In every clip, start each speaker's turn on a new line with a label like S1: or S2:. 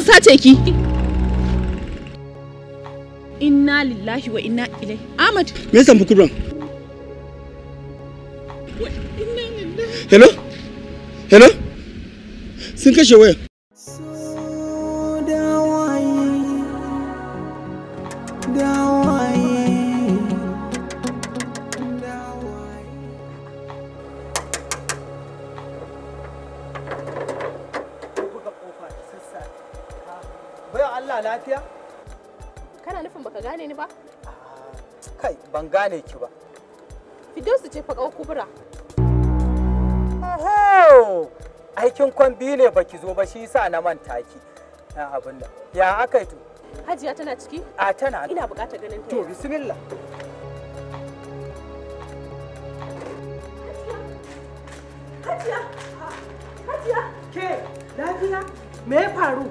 S1: an sace ki
S2: inna lillahi wa inna ilai ahmad
S3: me yasa muku ran hello hello sun kashe waya
S4: zo ba shi sa na manta ki na abin da ya aka
S2: yi to hajiya tana ciki a tana ina bukata ganin ta to bismillah
S4: hajiya hajiya ke lafiya me ya faru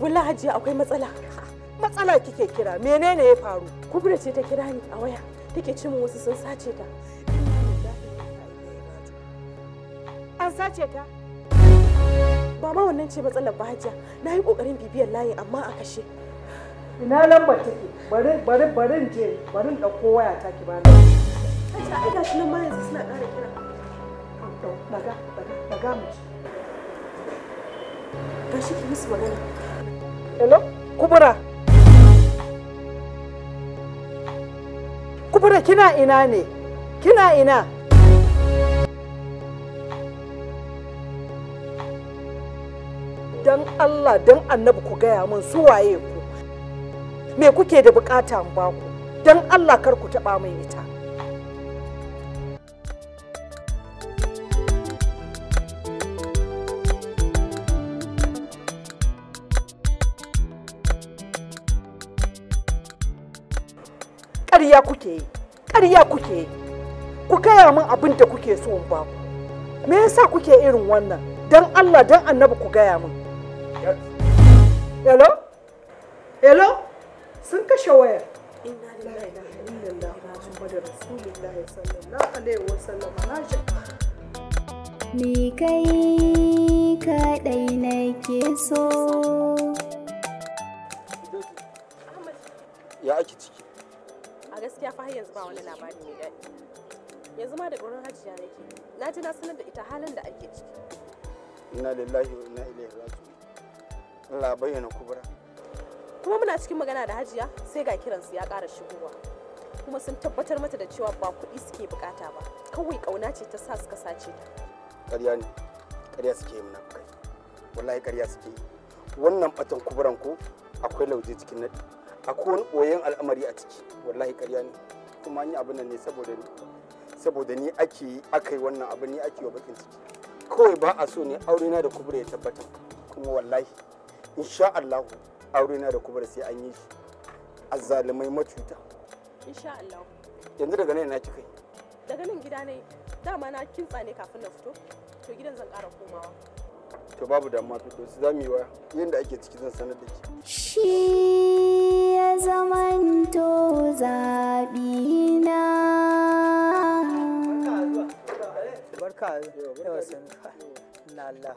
S4: wallahi hajiya
S2: akwai matsala matsala kike kira menene ya faru kubra ce ta kira ni a waya take ce min wasu sun sace ta an sace ta ba ma wannan ce matsalar bahajiya hajiya na yi kokarin bibiyar layi
S4: amma a kashe ina lambar take bari bari bari je bari dauko waya ta ki
S2: bani hajiya ai gashi nan ma yanzu suna ƙara kira to daga daga mu gashi ki musu magana
S4: hello kubura kubura kina ina ne kina ina dan Allah dan annabi ku gaya min su waye ku me kuke da bukata in baku dan Allah kar ku taba mai ita ƙarya kuke yi ƙarya kuke yi ku gaya min abin da kuke so in baku me yasa kuke irin wannan dan Allah dan annabi ku gaya min hello hello sun kashe wayar inna lillahi wa inna ilaihi raji'un rasulullahi sallallahu alaihi wasallam na
S1: ni kai kadai nake so ya ake ciki
S2: a gaskiya fa yanzu ba wani labari mai daɗi yanzu ma da gurin hajiya nake na ji na sanar da ita halin da ake ciki
S3: inna lillahi wa inna ilaihi raji'un Allah bayyana kubura
S2: kuma muna cikin magana da hajiya sai ga kiransu ya ƙara shigowa kuma sun tabbatar mata da cewa ba kuɗi suke bukata ba kawai ƙauna ce ta sa suka sace ta
S3: ƙarya ne ƙarya suke yi mana kai wallahi ƙarya suke yi wannan batan kuburan ko akwai lauje cikin nadi. akwai wani ɓoyen al'amari a ciki wallahi ƙarya ne kuma an yi abin nan ne saboda ni saboda ni ake yi aka yi wannan abin ni ake yi wa bakin ciki kawai ba a so ne aure na da kubura ya tabbata kuma wallahi insha Allah aure na da kubar sai an yi shi azzalumai matuta insha Allah yanzu daga nan na kika yi
S2: daga nan gida ne dama na kintsa ne kafin na fito to gidan zan ƙara komawa
S3: to babu da ma fito su zamu yi wa yanda ake ciki zan sanar da ke
S1: shi ya zaman to zabi na barka eh. eh. da wasan
S4: inna Allah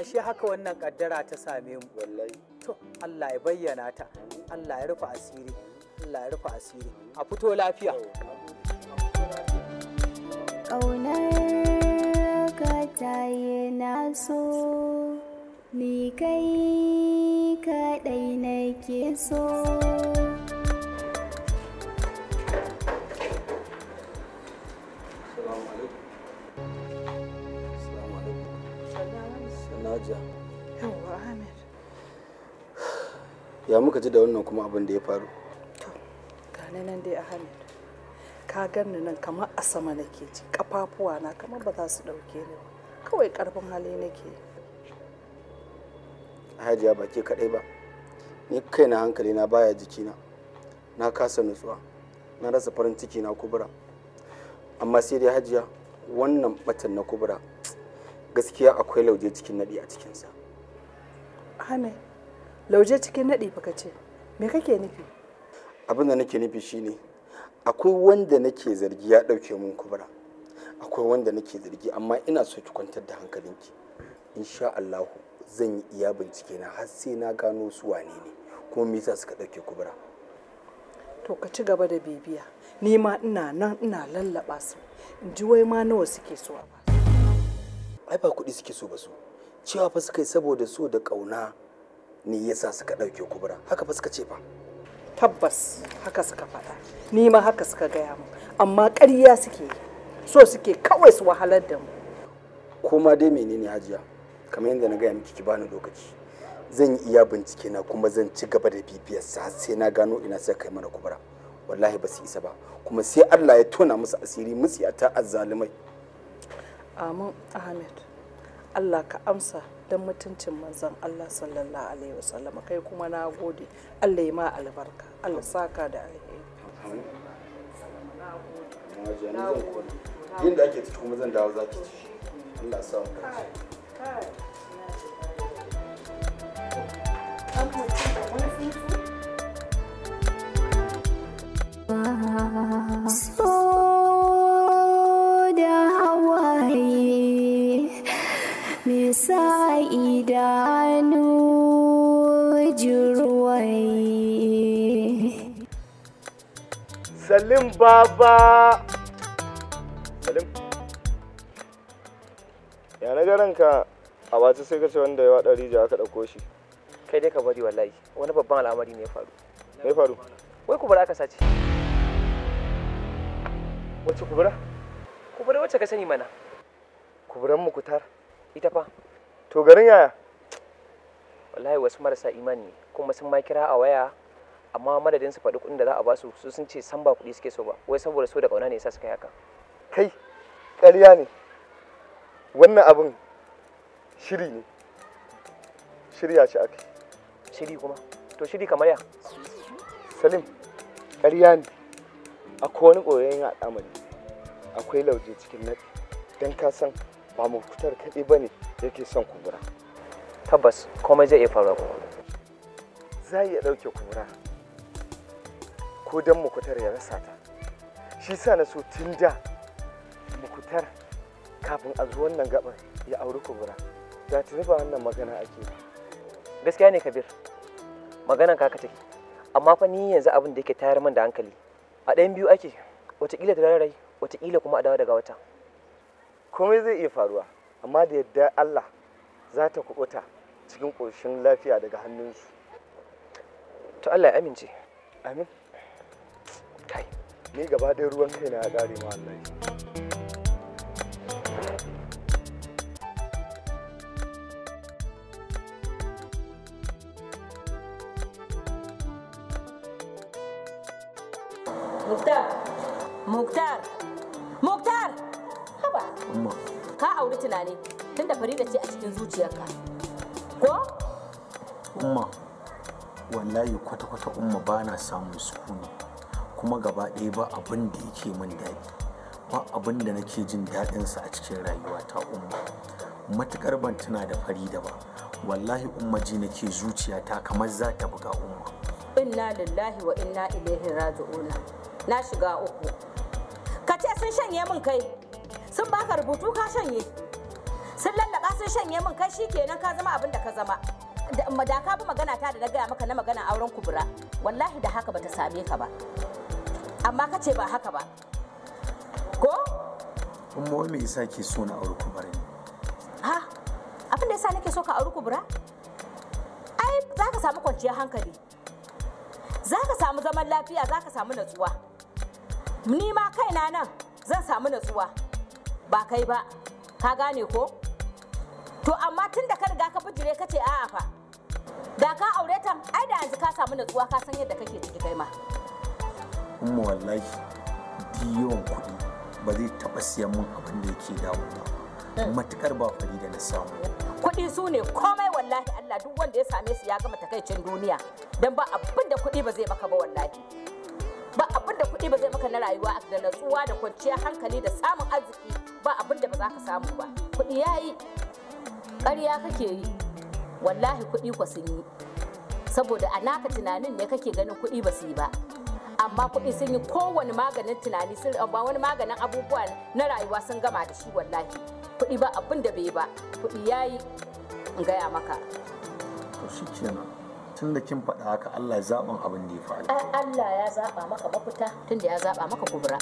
S4: ashe haka wannan kaddara ta same mu wallahi to Allah ya bayyana ta Allah ya rufe asiri Allah ya rufe asiri a fito lafiya
S1: ƙaunar ka ta yi so ni kai kaɗai nake so
S3: ya muka ji da wannan kuma abin da ya faru to
S4: gane nan dai a ahmed ka ganni nan kamar a sama nake ji kafafuwa na kamar ba za su dauke ni kawai karfin hali nake
S3: hajiya ba ke kadai ba ni kaina hankali na baya jikina na kasa nutsuwa na rasa farin ciki na kubura amma sai dai hajiya wannan batan na kubura gaskiya akwai lauje cikin nadi a cikinsa
S4: ahmed lauje cikin naɗi fa ce
S3: me kake nufi abin da nake nufi shine akwai wanda nake zargi ya ɗauke mun kubura akwai wanda nake zargi amma ina so ki kwantar da hankalinki insha Allah zan yi iya bincike na har sai na gano su wane ne kuma me yasa suka ɗauke kubura
S4: to ka ci gaba da bibiya ni ma ina nan ina lallaba su in ji wai ma nawa suke so ba
S3: ai ba kuɗi suke so ba su cewa fa suka yi saboda so da ƙauna ni yasa suka ɗauke kubura haka ba suka ce ba. tabbas
S4: haka suka faɗa ni ma haka suka gaya mu
S3: amma ƙarya suke so suke kawai su wahalar da mu kuma dai menene hajiya kamar yadda na gaya miki ki bani lokaci zan yi iya bincike na kuma zan ci gaba da bibiyar sa sai na gano ina sai kai mana kubura wallahi ba su isa ba kuma sai Allah ya tona musu asiri musu ya ta azzalumai
S4: amin ahmed Allah ka amsa don mutuncin manzon Allah sallallahu alaihi wasallam kai kuma na gode Allah ya ma albarka Allah saka da alheri
S5: yin da
S3: ake ci kuma zan dawo zaki ci
S1: Allah sa mu me idanu jirwai
S5: salim baba salim ya
S6: na ka a bata sai kace wanda ya wada rija aka dauko shi kai dai ka bari wallahi wani babban al'amari ne ya faru me faru wai kubura aka sace wace kubura kubura wacce ka sani mana kuburan mu kutar ita fa to garin yaya wallahi wasu marasa imani ne kuma sun ma kira a waya amma madadin su faɗi kuɗin da za a basu su sun ce san ba kuɗi suke so ba wai saboda so da ƙauna ne yasa suka haka kai ƙarya ne wannan abin shiri ne shirya shi aka shiri kuma to shiri kamar ya salim ƙarya ne akwai wani ƙoyon al'amari akwai lauje cikin nadi Dan ka san ba mu fitar kaɗai ba ne yake son kubura tabbas komai zai iya faruwa kuma za iya ɗauke kubura ko don mukutar ya rasa ta shi sa na so tun da mukutar kafin a zo wannan gaba ya auri kubura da tuni ba wannan magana ake ba gaskiya ne kabir maganan ka take amma fa ni yanzu abin da yake tayar min da hankali a ɗayan biyu ake wataƙila ta rai wataƙila kuma a dawo daga wata komai zai iya faruwa amma da yadda Allah za ta kubuta cikin ƙoshin lafiya daga hannunsu to Allah ya amince amin kai ni gaba ɗaya ruwan kai na ya ƙare ma
S7: tunani tunda farida ce a cikin zuciyarka
S3: ko umma wallahi kwata-kwata umma ba na samun sukuni kuma gaba ɗaya ba abin da yake min daɗi ba abin da nake jin daɗinsa a cikin rayuwa ta umma matukar ban tuna da farida ba wallahi umma ji nake zuciyata kamar za ta buga umma
S7: inna lillahi wa inna ilaihi raji'una na shiga uku ka ce sun shanye min kai sun baka rubutu ka shanye sun lallaba sun shanye min kai kenan ka zama abin da ka zama da ka bi magana ta da na gaya maka na magana auren kubura wallahi da haka bata same ka ba amma ka ce ba haka ba
S3: ko kuma me yasa ke so na auri kubura
S7: ha abin da yasa nake so ka auri kubura ai za ka samu kwanciyar hankali za ka samu zaman lafiya za ka samu natsuwa ni ma kaina nan zan samu natsuwa ba kai ba ka gane ko to amma tun da ka riga ka bijire ka ce a'a fa da ka aure ta ai da yanzu ka samu natsuwa ka san yadda kake ciki kai ma
S3: umma wallahi diyon kuɗi ba zai taɓa siyan mun abin da yake damu ba hmm. matukar ba fari
S1: da na samu
S7: kuɗi su ne komai wallahi Allah duk wanda ya same su ya gama takaicin duniya dan ba abin da kuɗi ba zai maka ba wallahi ba abin da kuɗi ba zai maka na rayuwa da natsuwa da kwanciyar hankali da samun arziki ba abin da ba za ka samu ba kuɗi yayi ƙarya kake yi wallahi kuɗi ku sun yi saboda a naka tunanin ne kake ganin kuɗi ba su yi ba amma kuɗi sun yi kowane maganin tunani sun ba wani maganin abubuwa na rayuwa sun gama da shi wallahi kuɗi ba abin da bai ba kuɗi ya yi in gaya maka
S3: to shi kenan tun da kin faɗa
S5: haka Allah ya zaɓin abin da ya faru
S7: Allah ya zaɓa maka mafita tun da ya zaɓa maka kubura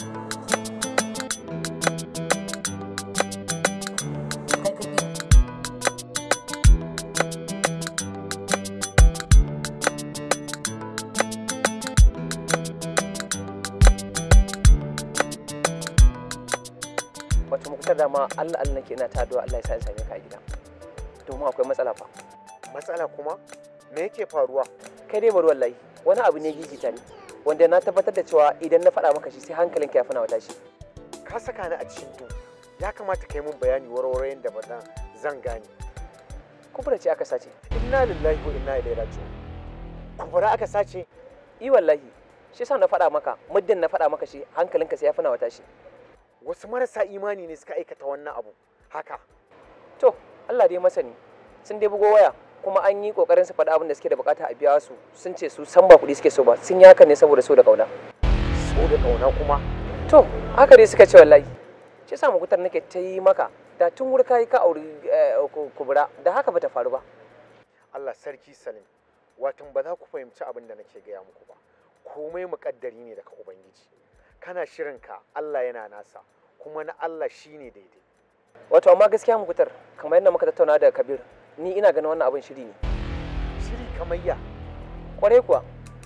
S6: dama Allah Allah nake ina taduwa Allah ya sa in same ka a gida mu akwai matsala fa matsala kuma me yake faruwa kai dai bari wallahi wani abu ne gigita ne wanda na tabbatar da cewa idan na faɗa maka shi sai hankalinka ya fana wa tashi ka saka ni a cikin to ya kamata kai mun bayani warware yanda ba zan gane kubura ce aka sace inna lillahi wa inna ilaihi raji'un kubura aka sace i wallahi shi sa na faɗa maka muddin na faɗa maka shi hankalinka sai ya fana wa tashi wasu marasa imani ne suka aikata wannan abu haka to Allah dai masani sun dai bugo waya kuma an yi kokarin su faɗa abin da suke da bukata a biya su sun ce su san ba kuɗi suke so ba sun yaka ne saboda so da kauna so da kauna kuma to haka dai suka ce wallahi shi yasa mugutar nake ta yi maka da tun wurka yi ka auri eh, kubura da haka bata faru ba Allah sarki salim watan ba za ku fahimci abin da nake gaya muku ba komai muƙaddari ne daga ubangiji kana shirinka, Allah yana nasa kuma na Allah shine daidai wato amma gaskiya mukutar kamar yadda muka tattauna da kabir ni ina ganin wannan abin shiri ne shiri kamar ya kwarai kuwa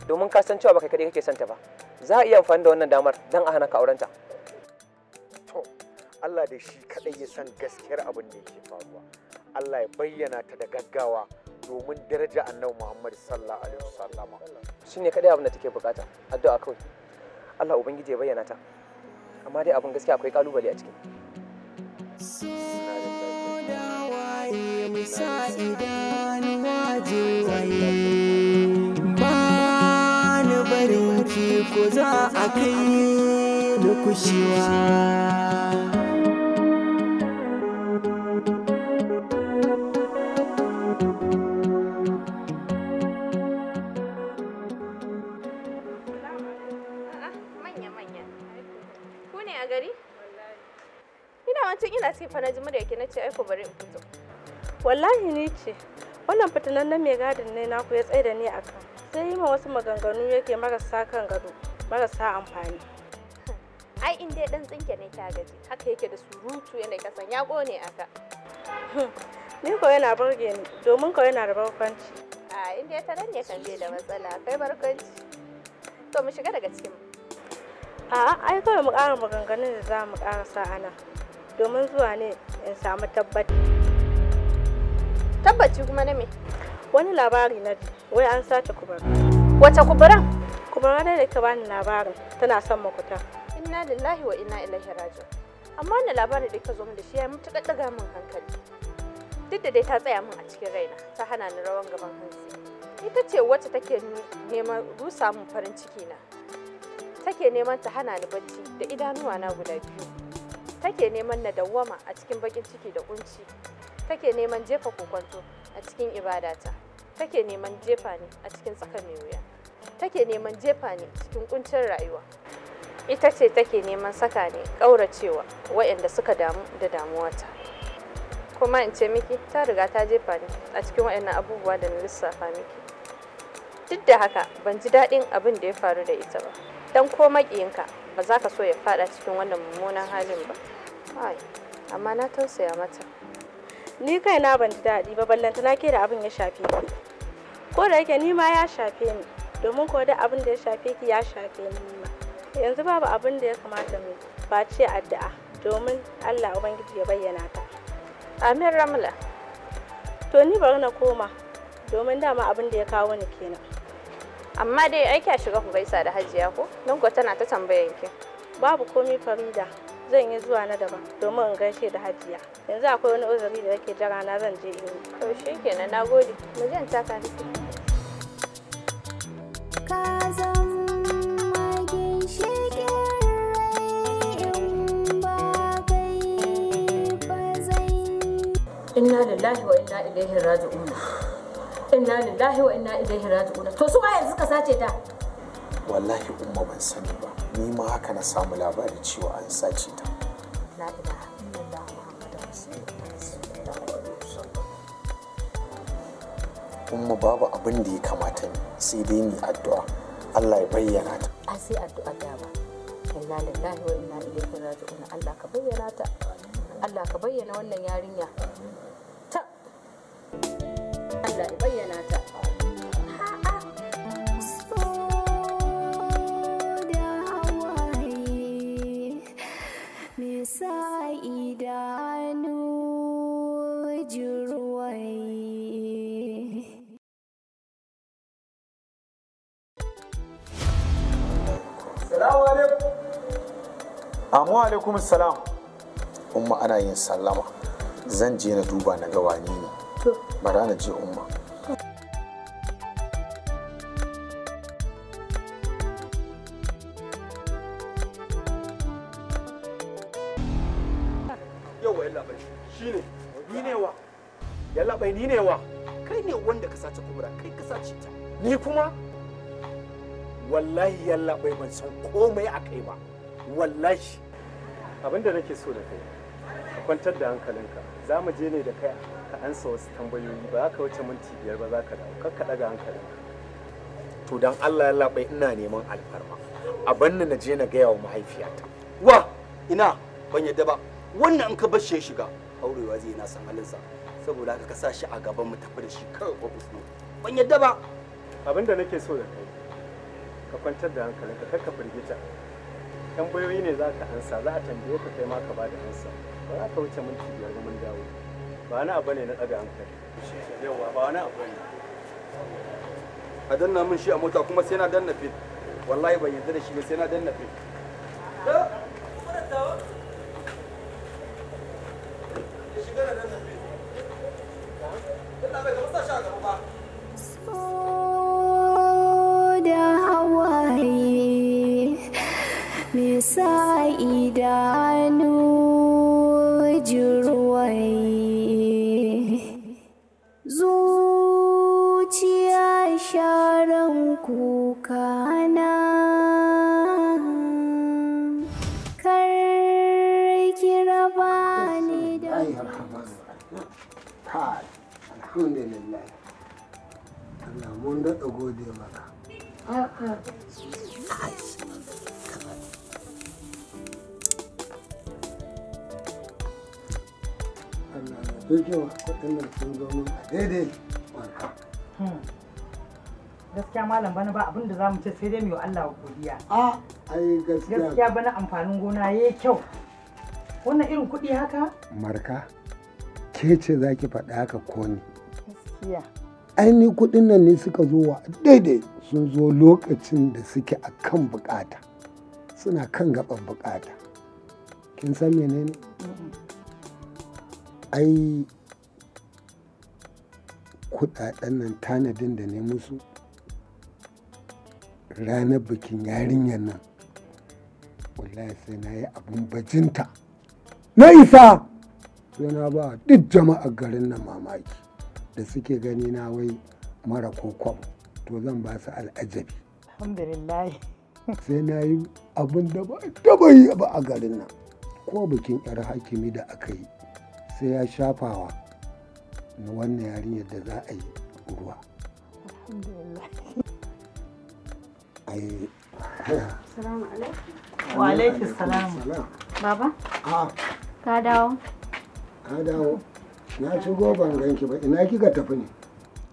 S6: domin ka san cewa baka kaɗai kake santa ba za a iya amfani da wannan damar don a hana ka aurenta to Allah da shi kaɗai ya san gaskiyar abin da yake faruwa Allah ya bayyana ta da gaggawa domin daraja annabi Muhammad sallallahu alaihi wasallama shine kaɗai abin da take bukata addu'a kawai Allah ubangiji ya bayyana ta amma dai abin gaskiya akwai kalubale a ciki
S8: Bani barin ko za a kai ni kushewa.
S9: na ci fa na ji murya ki na ce ai ku bari in fito
S2: wallahi ni ce wannan fitilan na mai gadin ne naku ya tsaye da ni akan sai yi ma wasu maganganu yake marasa kan gado marasa amfani
S9: ai in dai dan tsinke ne ta gaji haka yake da surutu yana kasan ya kone aka
S2: ni ko yana burge ni domin ko yana da barkwanci
S9: a in dai ta nan ne kan bai da matsala kai barkwanci to mu shiga daga cikin
S2: a'a ai kawai mu ƙara maganganun da za mu ƙara sa ana domin zuwa ne in samu tabbaci tabbaci kuma na me wani labari na wai an sace kubura wace kuburan kubura da ta bani labarin tana son makuta
S9: inna lillahi wa inna ilaihi raji'un amma wannan labarin da ka zo min da shi ya mutu daddaga min hankali duk da dai ta tsaya min a cikin raina ta hana ni rawan gaban hantsi ita ce wacce take neman rusa min farin ciki na take neman ta hana ni bacci da idanuwa na guda biyu take neman na dawwama a cikin bakin ciki da kunci take neman jefa kokonto a cikin ibadata take neman jefa ne a cikin tsaka mai wuya take neman jefa ne cikin kuncin rayuwa ita ce take neman saka ne ƙauracewa waɗanda suka damu da damuwata kuma in ce miki ta riga ta jefa ni a cikin waɗannan abubuwa da na lissafa miki duk da haka ban ji daɗin abin da ya faru da ita ba don ko maƙiyinka ba za ka so ya fada
S2: cikin wannan mummunan halin ba ai amma na tausaya mata ni kai na ban daɗi ba ballanta na ke da abin ya shafe ni ko da yake ni ma ya shafe ni domin ko da abin da ya shafe ki ya shafe ni ma yanzu babu abin da ya kamata mu ba ce addu'a domin Allah ubangiji ya bayyana ta amin ramla to ni bari na koma domin dama abin da ya kawo ni kenan amma dai ai a shiga ku gaisa da hajiya ko don tana ta tambayan ki babu komai farida zan yi zuwa na daban domin in gaishe da hajiya yanzu akwai wani uzuri da yake jira na zan je in to shikenan nagode mu zan in taka miki
S1: ka zama inna
S7: lillahi wa inna ilaihi raji'un inna lillahi wa inna ilaihi raji'un to su yanzu suka sace ta
S5: wallahi umma ban sani ba ni ma haka na samu labari cewa an sace ta umma
S6: babu abin da ya
S5: kamata ne sai
S3: dai ni addu'a Allah ya bayyana ta
S7: a sai addu'a da ba inna lillahi wa inna ilaihi raji'un Allah ka bayyana ta Allah ka bayyana wannan yarinya
S3: amma alaikum salam umma ana yin sallama zan je na duba na ga wani ne bara na je umma yallaɓai ni ne wa kai ne wanda ka sace kubura kai ka sace ta ni kuma wallahi yallaɓai ban san komai a kai ba wallahi abin da nake so da kai ka kwantar da hankalinka za mu je ne da kai ka ansa wasu tambayoyi ba ka wuce minti biyar ba za ka dawo kar ka daga hankalinka to dan Allah ya labai ina neman alfarma abin nan na je na gaya wa mahaifiyata wa ina ban yadda ba wannan in ka bar shi shiga aurewa zai na san halinsa saboda haka ka sa shi a gaban mu tafi da shi kawai ba usman ban yadda ba abin da nake so da kai ka kwantar da hankalinka kar ka firgita tambayoyi ne za ka ansa za a tambaye ka kai ma ka ba da ansa ba za ka wuce minti biyar mun dawo ba wani abu ne na ɗaga hankali yawa ba wani abu ne a danna min shi a mota kuma sai na danna fit wallahi ban yarda da shi ba sai na danna fit Thank you.
S1: sa idanu
S10: sun ce kuɗin sun zo mun a daidai wanka.
S4: Hmm. gaskiya malam bana ba abinda za mu ce sai dai mu yi Allah godiya. A ai gaskiya. Gaskiya bana amfanin gona ya yi kyau. Wannan irin kuɗi haka?
S10: Marka, ke ce za ki faɗa haka ko ni? Gaskiya. Ai ni kuɗin nan ne suka zo wa daidai sun zo lokacin da suke a kan bukata. Suna kan gaban bukata. Kin san menene? ai kudaden nan tanadin da ne musu ranar bikin yarinyar nan wallahi sai na yi abin bajinta na isa sai na ba duk jama'ar garin nan mamaki da suke gani na wai mara kokon to zan ba su al'ajabi
S1: alhamdulillah
S10: sai na yi abin da ba taba yi ba a garin nan ko bikin yar hakimi da aka yi sai ya shafawa na wannan yarinyar da za a yi ruwa
S1: wa alaikum salam
S2: baba ka dawo
S10: ka dawo na shigo ban ganki ba ina kika tafi ne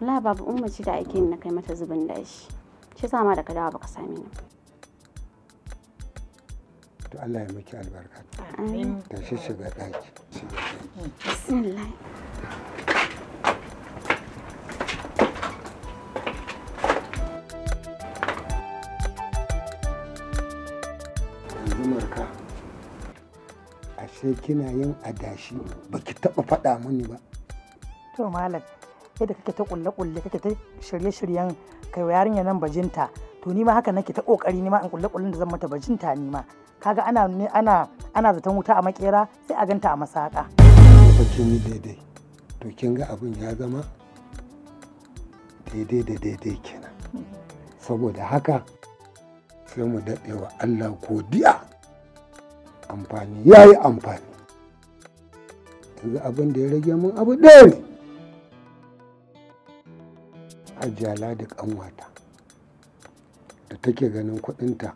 S2: la babu umma ce da aikin na kai mata zubin dashi shi sa ma da ka dawo baka same ni
S10: to Allah ya miki albarka ta shi shiga ɗaki mm,
S2: bismillah
S10: sai kina yin adashi baki taɓa faɗa mini ba.
S4: To malam yadda kake ta kulle-kulle kake ta shirye-shiryen kai yarinya nan bajinta to ni ma haka nake ta kokari ni ma in kulle-kullen da zan mata bajinta ni ma kaga ana ana ana zaton wuta a makera sai a ganta a masaka
S10: kin ni daidai to kin ga abin ya zama daidai da daidai kenan saboda haka sai mu daɗe wa Allah godiya amfani ya yi amfani yanzu abin da ya rage mun abu ɗaya ne da ƙanwata da take ganin kuɗinta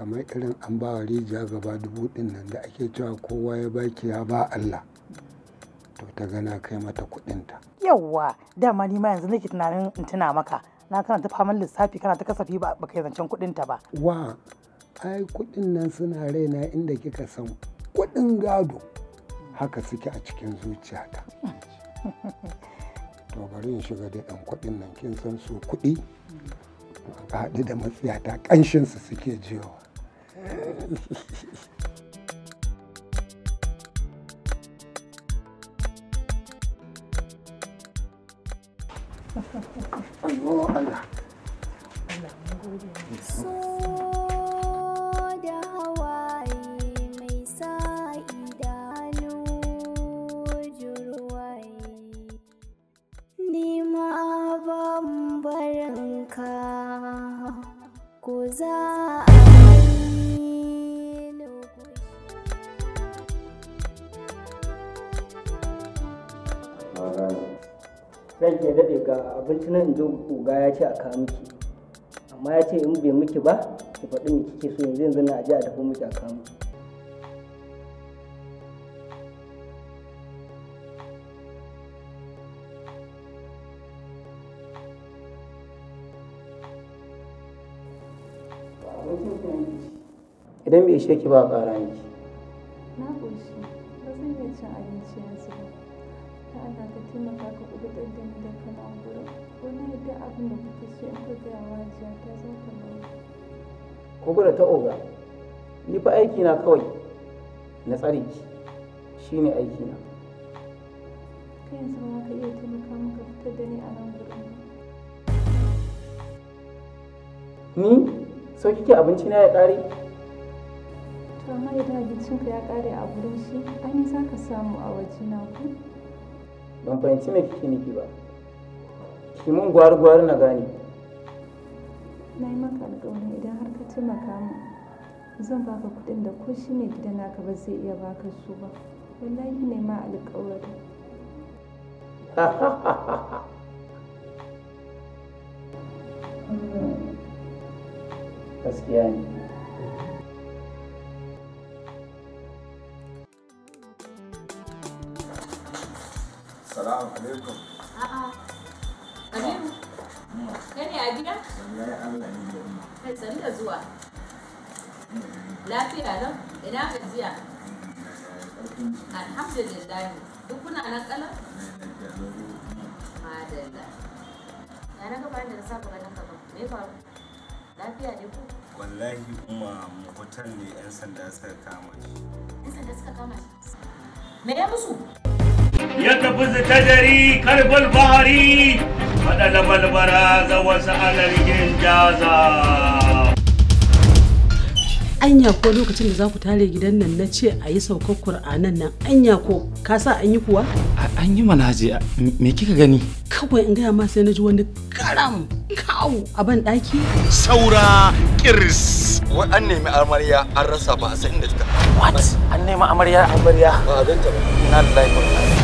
S10: kamar irin an ba wa rijiya gaba dubu ɗin nan da ake cewa kowa ya baki ya ba Allah to ta gana kai mata kuɗinta.
S4: yawwa dama ni ma yanzu nake tunanin in tuna maka na kana ta faman lissafi kana ta kasafi ba ba kai zancen ta ba. wa
S10: ai kuɗin nan suna raina inda kika san kuɗin gado haka suke a cikin zuciyata. to bari in shiga da ɗan kuɗin nan kin san su kuɗi. haɗu da matsiyata ƙanshinsu suke jiyowa
S1: Oh, Allah.
S4: abinci nan in inji oga ya ce a kawo miki amma ya ce in bai miki ba ki faɗi miki kike so yanzu yanzu na aje a dafa miki a kawo miki idan bai ishe ki ba ƙara miki
S2: na ƙunshi ba zan iya cin abinci yanzu taimaka ka kubutar da ni da kana gurin wani yadda abin da kuke so in ka gaya wa jiya ta za ta mai
S4: ko gwada ta oga ni fa aiki na kawai
S3: na tsare ki shine aiki na
S2: kai yanzu ma ka iya taimaka maka fitar da ni a nan gurin
S8: ni sau kike abinci na ya kare
S2: to amma idan abincinka ya kare a gurin shi ai za ka samu a waje na ku
S3: ban fahimci mai kike nufi ba ki mun gwari-gwari na gane
S2: na yi maka alƙawari idan har ka taimaka mu zan baka kuɗin da ko shi ne gidan naka ba zai iya baka su ba wallahi ne ma alƙawari
S1: gaskiya ne
S3: salamu
S2: alaikum a'a aliyu a gida wallahi Allah
S7: ne da zuwa lafiya nan ina gajiya alhamdulillah duk kuna nan kalan madalla ya na gaba saba ganin ka lafiya ne ko
S3: wallahi kuma mutan ne yan sanda suka kama me ya musu يقبض تدري كرب البهري فطلب البراز وسأل الإنجازا
S4: anya ko lokacin da za ku tare gidan nan na ce a yi saukar kur'anan nan anya ko ka sa an yi kuwa?
S3: an yi manaji me kika gani? kawai in gaya
S4: ma sai na ji wani
S5: karam kawo a ban ɗaki? saura
S3: kiris wai an nemi amarya an rasa ba a san inda ta what an nemi amarya amarya ba a ganta ba na da laifin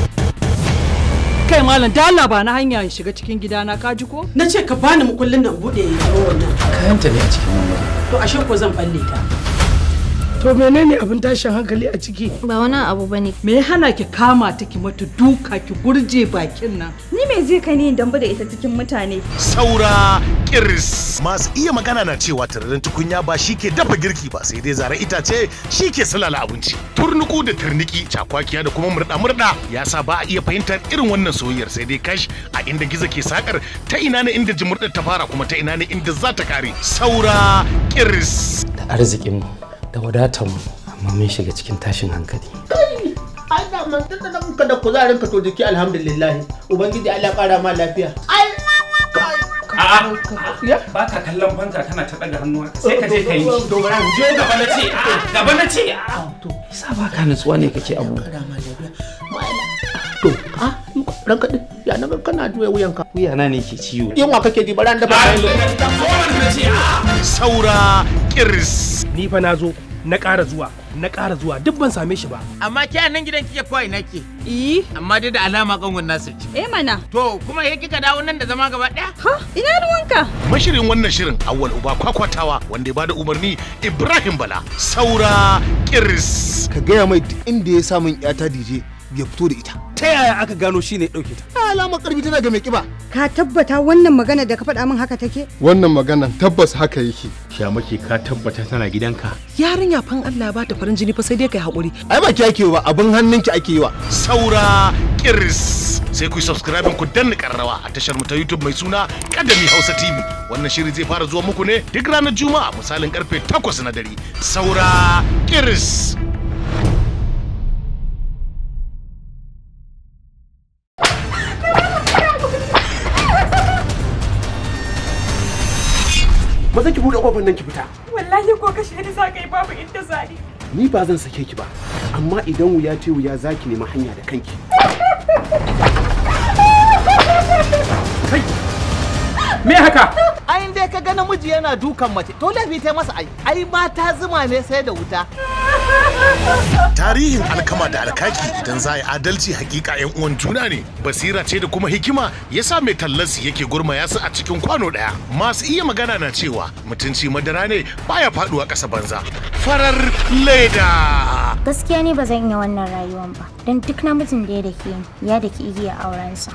S4: Kai malam da Allah ba na hanya ya shiga cikin gidana ka ji ko? Na ce ka bani mukullin nan bude ya zo
S3: wannan. Kayanta ne a cikin wannan. To ashe
S4: ko zan balle ta. To menene abin tashin hankali a ciki? Ba wani abu bane. Me ya hana ki kama ta ki mata duka ki gurje
S2: bakin nan? Ni me zai kai ni damba da ita cikin mutane?
S5: Saura kiris. Masu iya magana na cewa tararin tukunya ba shi ke dafa girki ba sai dai zara itace shi ke sulala abinci. Turnuku da turniki, cakwakiya da kuma murɗa-murɗa ya sa ba a iya fahimtar irin wannan soyayyar sai dai kash a inda gizo ke sakar ta ina ne inda jimurɗar ta fara kuma ta ina ne inda za ta kare. Saura kiris.
S6: Da arzikin mu. da wadatar mu amma mun shiga cikin tashin hankali
S5: ai da man tattala kuka da kuzarin ka to jiki alhamdulillah
S3: ubangiji Allah kara ma lafiya ai ba ka
S6: kallon banza tana ta daga hannu
S3: sai ka je ka yi dogara je gaba na ce gaba na ce to sa ba ka nutsuwa ne kake abu to a ranka din ya na kana duwe wuyanka wuyana ne ke ciwo yin wa kake ji baran da ba
S5: saura kirs ni fa na zo na ƙara zuwa na ƙara zuwa duk ban same shi ba amma ke nan gidan kike kawai nake eh amma dai da alama kangon nasir
S4: ce eh mana to kuma he kika dawo nan da zama gaba daya ha ina ruwanka
S5: mashirin wannan shirin awwal uba kwakwatawa wanda ya bada umarni Ibrahim Bala saura kiris
S3: ka gaya mai duk inda ya samun yata DJ ya fito da ita ta yaya aka gano shi ne ɗauke ta alamar ƙarfi tana ga mai ƙiba.
S4: ka tabbata wannan magana da ka faɗa min haka take
S3: wannan maganan tabbas haka yake shamake ka tabbata tana gidanka
S4: yarinya fan Allah ba ta farin jini fa
S3: sai dai kai hakuri. ai ba ki ake ba abin ki ake yi wa
S5: saura kiris sai ku subscribe ku danna ƙararrawa a tashar mu ta YouTube mai suna Kadami Hausa TV wannan shiri zai fara zuwa muku ne duk ranar Juma'a misalin karfe 8 na dare saura kiris ba ki buɗe ƙofar nan ki fita
S6: wallahi ko kashe ni za ka yi babu inda zani
S5: ni ba zan sake ki ba amma idan wuya ce wuya zaki ki nemi hanya da kanki
S4: kai me haka ai dai ka ga namiji yana dukan mace to laifi ta masa ai ai mata zuma ne sai da wuta
S5: tarihin alkama da alkaki idan za a yi adalci hakika yan uwan juna ne basira ce da kuma hikima ya sa mai su yake gurmaya su a cikin kwano daya masu iya magana na cewa mutunci madara ne baya faduwa ƙasa banza farar leda
S1: gaskiya ne ba zan iya wannan rayuwan ba don duk namijin da ya dake ke ya dake iya aurensa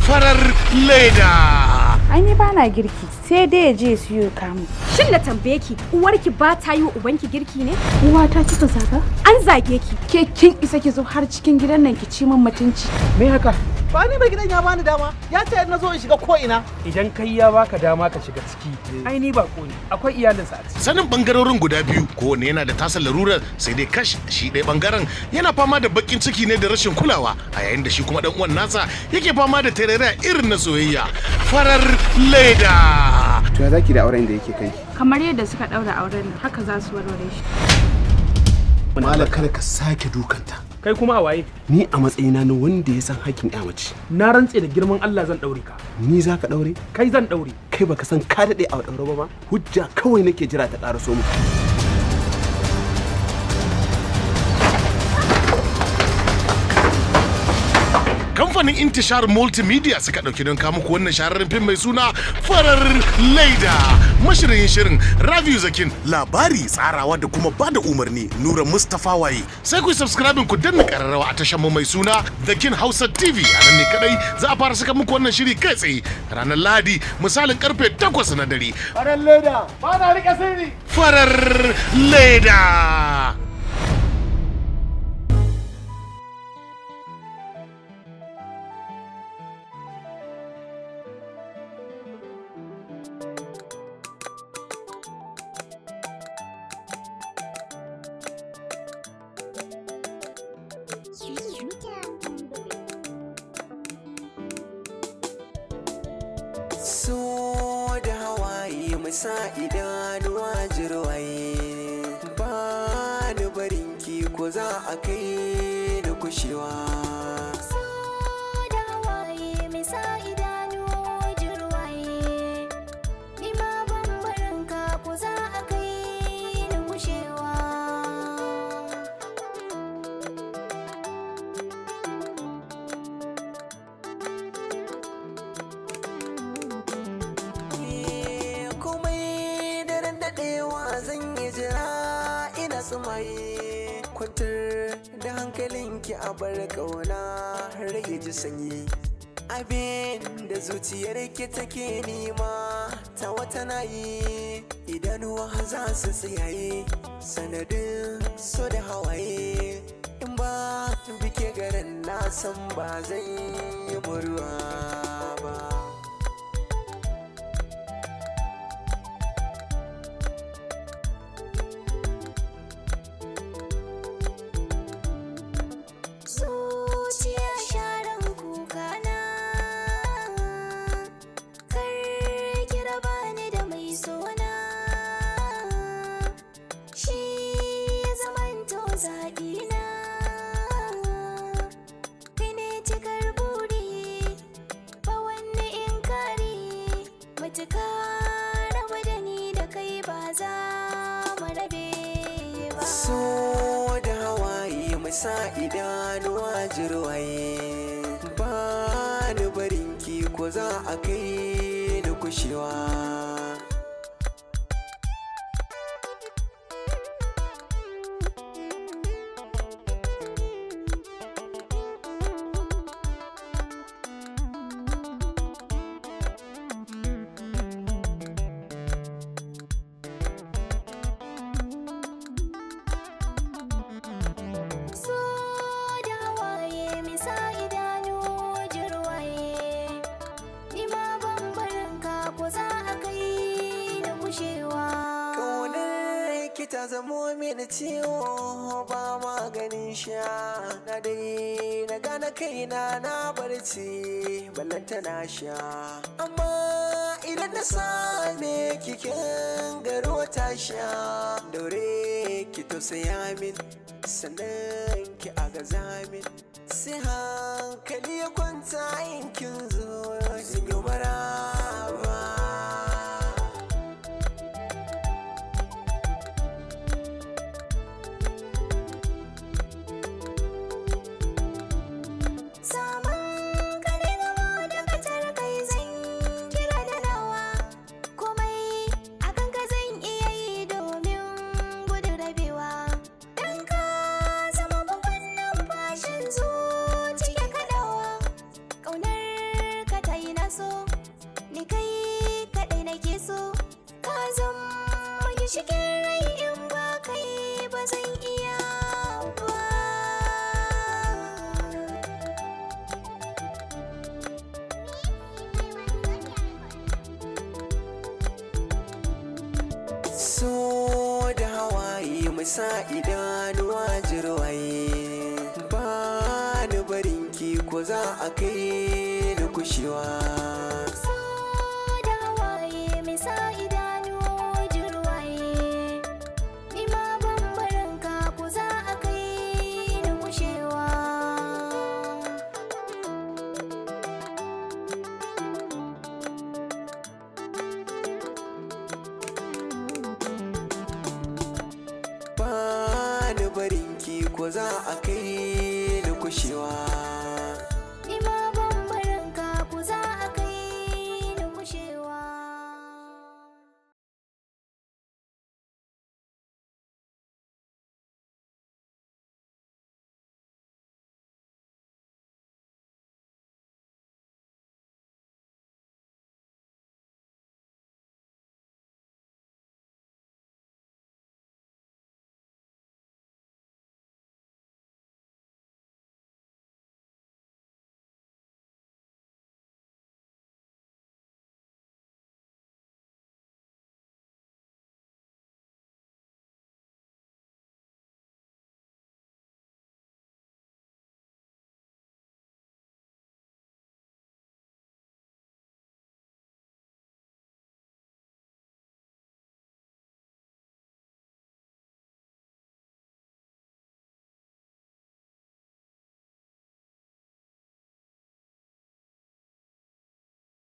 S5: farar leda
S2: An yi na girki sai dai ya je ya siyo kamu. Shin na tambaye ki uwarki ba ta yi wa ubanki girki ne? Uwa ta cika zaga? An zage ki. Ke kin isa ki zo har cikin gidan nan ki ci min mutunci. Me haka?
S4: ba ni mai gidan ya bani dama ya ce na zo in shiga ko ina idan kai ya baka dama ka shiga ciki ai ni bako ne akwai iyalinsa a
S5: sanin bangarorin guda biyu kowanne yana da tasa larurar sai dai kash shi ɗaya bangaren yana fama da bakin ciki ne da rashin kulawa a yayin da shi kuma dan uwan nasa yake fama da tarayya irin na soyayya farar leda
S3: to ya zaki da auren da yake kai
S9: kamar yadda suka daura auren haka za su warware
S3: shi malakar ka sake dukanta kai kuma a waye ni a matsayina na wanda ya san hakkin ya mace na rantse da girman Allah zan daure ka ni za ka daure kai zan daure kai baka san ka dade a daure ba hujja kawai nake jira ta karaso mu
S5: kamfanin intashar multimedia suka ɗauki don kamu wannan shahararren fim mai suna farar laida mashirin shirin raviyu zakin labari tsarawa da kuma bada umarni nura mustapha waye sai ku subscribing ku danna kararrawa a tashar mu mai suna the hausa tv a nan ne kadai za a fara saka muku wannan shiri kai tsaye ranar lahadi misalin karfe 8 na dare farar laida ba na rike sirri farar leda
S8: sa idanuwa jirwaye ba ni barinki ko za a kai da kushewa ki a bar ƙauna har ya ji sanyi abin da zuciyar ki take nima ta wata nayi wa za su tsayaye sanadin so da hawaye in ba bike garin na san ba zan yi buruwa ni ciwo ba maganin sha na dai na gane kaina na barci ballanta na sha amma idan na same kikin garo ta sha daure ki tausaya min sannan ki aga min sai hankali ya kwanta in ki sa idanuwa jirwaye ba ni barinki ko za a kai ni kushewa